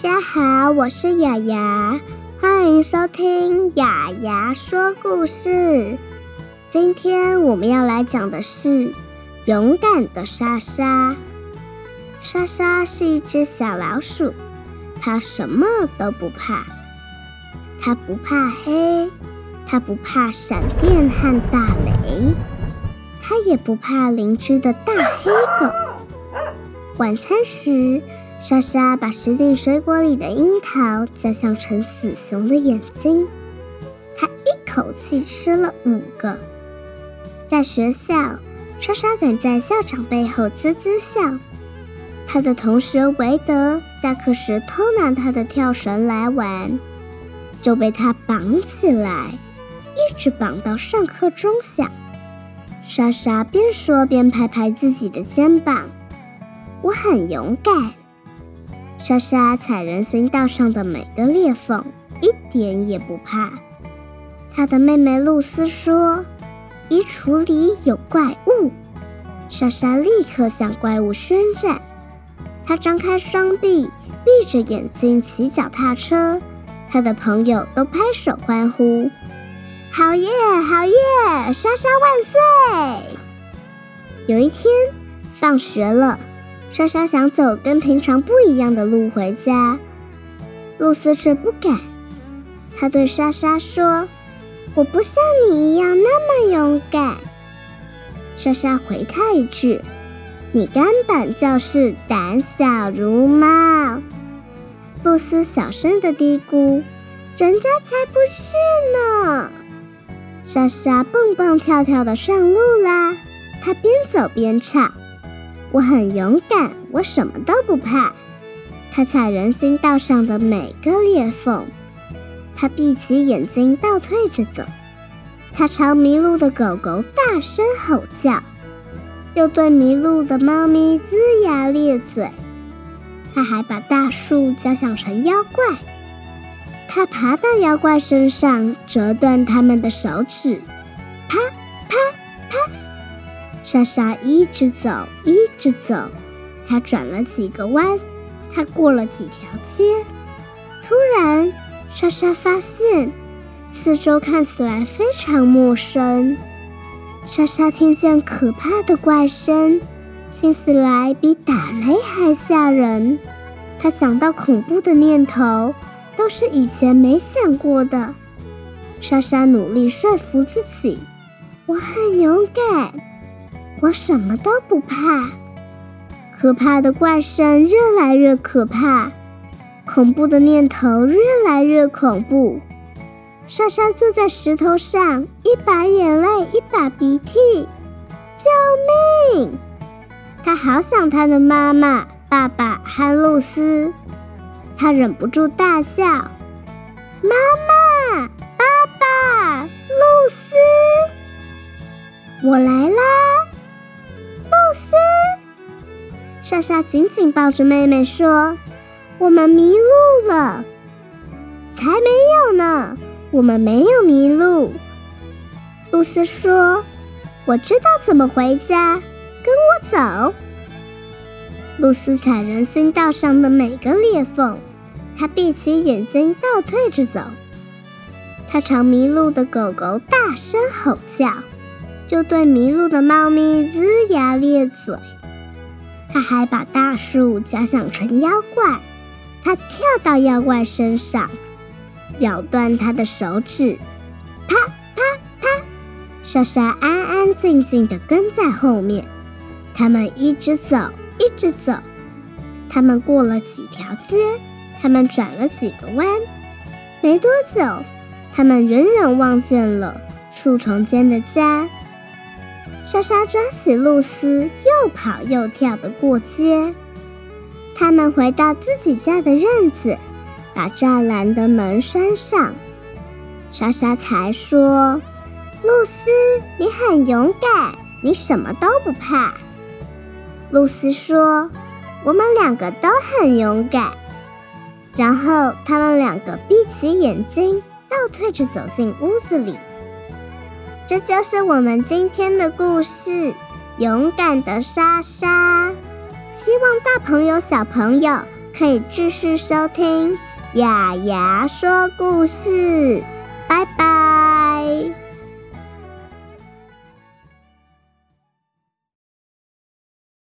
大家好，我是雅雅，歡迎收聽雅雅說故事。今天我們要來講的是勇敢的莎莎。莎莎是一隻小老鼠，它什麼都不怕。它不怕黑，它不怕閃電和大雷，它也不怕鄰居的大黑狗。晚餐時，莎莎把什錦水果裡的櫻桃想像成死熊的眼睛，她一口氣吃了五個。在學校，莎莎敢在校長背後吱吱笑。她的同學維德下課時偷拿她的跳繩來玩，就被她綁起來，一直綁到上課鐘響。莎莎邊說邊拍拍自己的肩膀：“我很勇敢。”莎莎踩人行道上的每個裂縫，一點也不怕。她的妹妹露絲說：“衣櫥裡有怪物。”莎莎立刻向怪物宣戰。她張開雙臂，閉着眼睛騎腳踏車。她的朋友都拍手歡呼：“好耶，好耶，莎莎萬歲！”有一天，放學了。莎莎想走跟平常不一樣的路回家，露絲卻不敢。她對莎莎說：“我不像你一樣那麼勇敢。”莎莎回他一句：“你根本就是膽小如貓。”露絲小聲的嘀咕：“人家才不是呢。”莎莎蹦蹦跳跳的上路啦，她邊走邊唱。我很勇敢，我什麼都不怕。她踩人行道上的每個裂縫，她閉起眼睛倒退着走。她朝迷路的狗狗大聲吼叫，又對迷路的貓咪齜牙咧嘴。她還把大樹假想成妖怪，她爬到妖怪身上，折斷他們的手指。啪。莎莎一直走，一直走，她轉了幾個彎，她過了幾條街。突然，莎莎發現四周看起來非常陌生。莎莎聽見可怕的怪聲，聽起來比打雷還嚇人。她想到恐怖的念頭，都是以前沒想過的。莎莎努力說服自己：“我很勇敢。”我什麼都不怕，可怕的怪聲越來越可怕，恐怖的念頭越來越恐怖。莎莎坐在石頭上，一把眼淚一把鼻涕，救命！她好想她的媽媽、爸爸和露絲，她忍不住大笑。媽媽、爸爸、露絲，我來啦！露絲，莎莎緊緊抱着妹妹說：“我們迷路了。”“才沒有呢，我們沒有迷路。”露絲說：“我知道怎麼回家，跟我走。”露絲踩人行道上的每個裂縫，她閉起眼睛倒退着走，她朝迷路的狗狗大聲吼叫。就對迷路的貓咪齜牙咧嘴，他還把大樹假想成妖怪，他跳到妖怪身上，咬斷他的手指，啪啪啪！莎莎安安靜靜地跟在後面，他們一直走，一直走，他們過了幾條街，他們轉了幾個彎，沒多久，他們遠遠望見了樹叢間的家。莎莎抓起露絲，又跑又跳地過街。他們回到自己家的院子，把柵欄的門拴上。莎莎才說：“露絲，你很勇敢，你什麼都不怕。”露絲說：“我們兩個都很勇敢。”然後他們兩個閉起眼睛，倒退着走進屋子裡。這就是我們今天的故事，勇敢的莎莎。希望大朋友、小朋友可以繼續收聽亞亞說故事，拜拜。